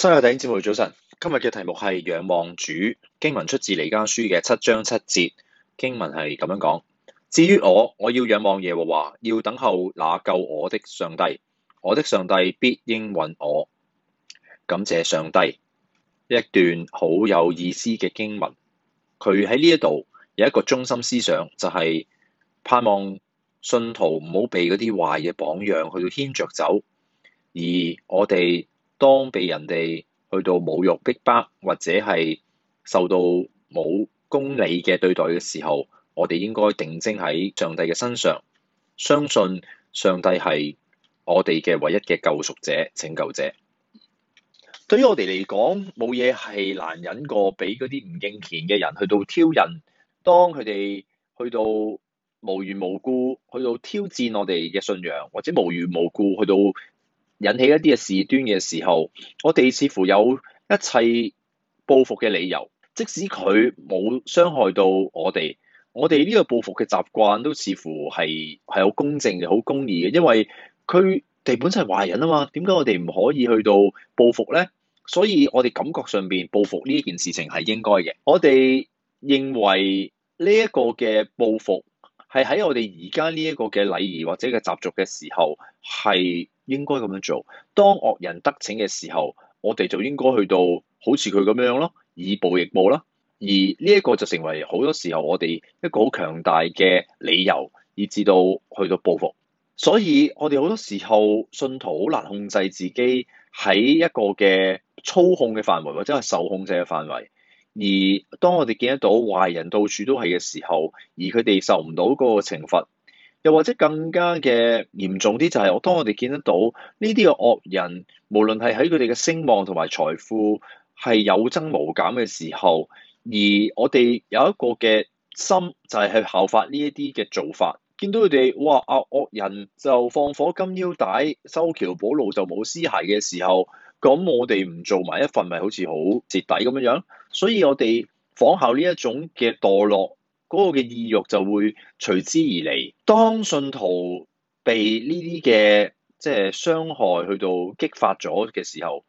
新嘅電影節目，早晨，今日嘅題目係仰望主，經文出自彌迦書嘅七章七節，經文係咁樣講。至於我，我要仰望耶和華，要等候那救我的上帝，我的上帝必應允我。感謝上帝，一段好有意思嘅經文。佢喺呢一度有一個中心思想，就係、是、盼望信徒唔好被嗰啲壞嘅榜樣去牽着走，而我哋。當被人哋去到侮辱、逼迫，迫，或者係受到冇公理嘅對待嘅時候，我哋應該定睛喺上帝嘅身上，相信上帝係我哋嘅唯一嘅救贖者、拯救者。對於我哋嚟講，冇嘢係難忍過俾嗰啲唔敬虔嘅人去到挑釁。當佢哋去到無緣無故去到挑戰我哋嘅信仰，或者無緣無故去到。引起一啲嘅事端嘅時候，我哋似乎有一切報復嘅理由，即使佢冇傷害到我哋，我哋呢個報復嘅習慣都似乎係係好公正嘅、好公義嘅，因為佢哋本身係壞人啊嘛，點解我哋唔可以去到報復咧？所以我哋感覺上邊報復呢一件事情係應該嘅，我哋認為呢一個嘅報復。係喺我哋而家呢一個嘅禮儀或者嘅習俗嘅時候，係應該咁樣做。當惡人得逞嘅時候，我哋就應該去到好似佢咁樣樣咯，以暴易暴啦。而呢一個就成為好多時候我哋一個好強大嘅理由，以致到去到報復。所以我哋好多時候信徒好難控制自己喺一個嘅操控嘅範圍，或者係受控制嘅範圍。而當我哋見得到壞人到處都係嘅時候，而佢哋受唔到嗰個懲罰，又或者更加嘅嚴重啲就係我當我哋見得到呢啲嘅惡人，無論係喺佢哋嘅聲望同埋財富係有增無減嘅時候，而我哋有一個嘅心就係去效法呢一啲嘅做法，見到佢哋哇啊惡人就放火金腰帶，修橋補路就冇屍骸嘅時候。咁我哋唔做埋一份，咪好似好蝕底咁樣。所以我哋仿效呢一種嘅墮落，嗰個嘅意欲就會隨之而嚟。當信徒被呢啲嘅即係傷害去到激發咗嘅時候，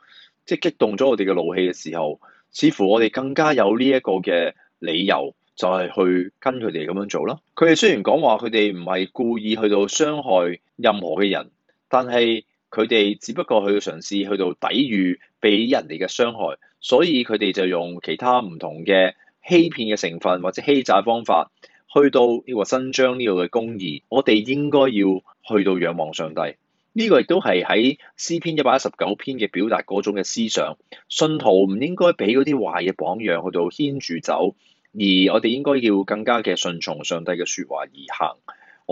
即係激動咗我哋嘅怒氣嘅時候，似乎我哋更加有呢一個嘅理由，就係去跟佢哋咁樣做啦。佢哋雖然講話佢哋唔係故意去到傷害任何嘅人，但係，佢哋只不過去嘗試去到抵禦俾人哋嘅傷害，所以佢哋就用其他唔同嘅欺騙嘅成分或者欺詐方法，去到呢個伸張呢度嘅公義。我哋應該要去到仰望上帝。呢個亦都係喺詩篇一百一十九篇嘅表達嗰種嘅思想。信徒唔應該俾嗰啲壞嘅榜樣去到牽住走，而我哋應該要更加嘅順從上帝嘅説話而行。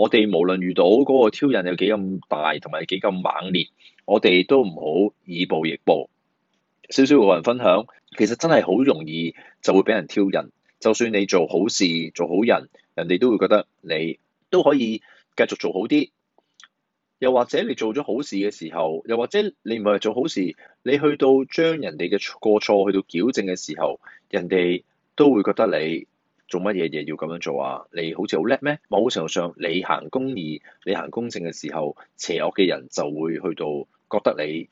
我哋無論遇到嗰個挑釁有幾咁大，同埋幾咁猛烈，我哋都唔好以暴易暴。少少個人分享，其實真係好容易就會俾人挑釁。就算你做好事、做好人，人哋都會覺得你都可以繼續做好啲。又或者你做咗好事嘅時候，又或者你唔係做好事，你去到將人哋嘅過錯去到矯正嘅時候，人哋都會覺得你。做乜嘢嘢要咁樣做啊？你好似好叻咩？某程度上，你行公義、你行公正嘅時候，邪惡嘅人就會去到覺得你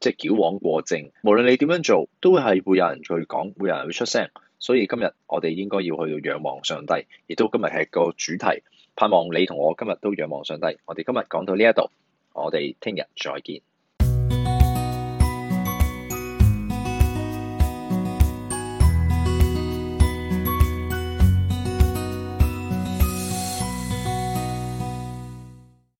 即係矯枉過正。無論你點樣做，都係會有人去講，會有人去出聲。所以今日我哋應該要去到仰望上帝，亦都今日係個主題。盼望你同我今日都仰望上帝。我哋今日講到呢一度，我哋聽日再見。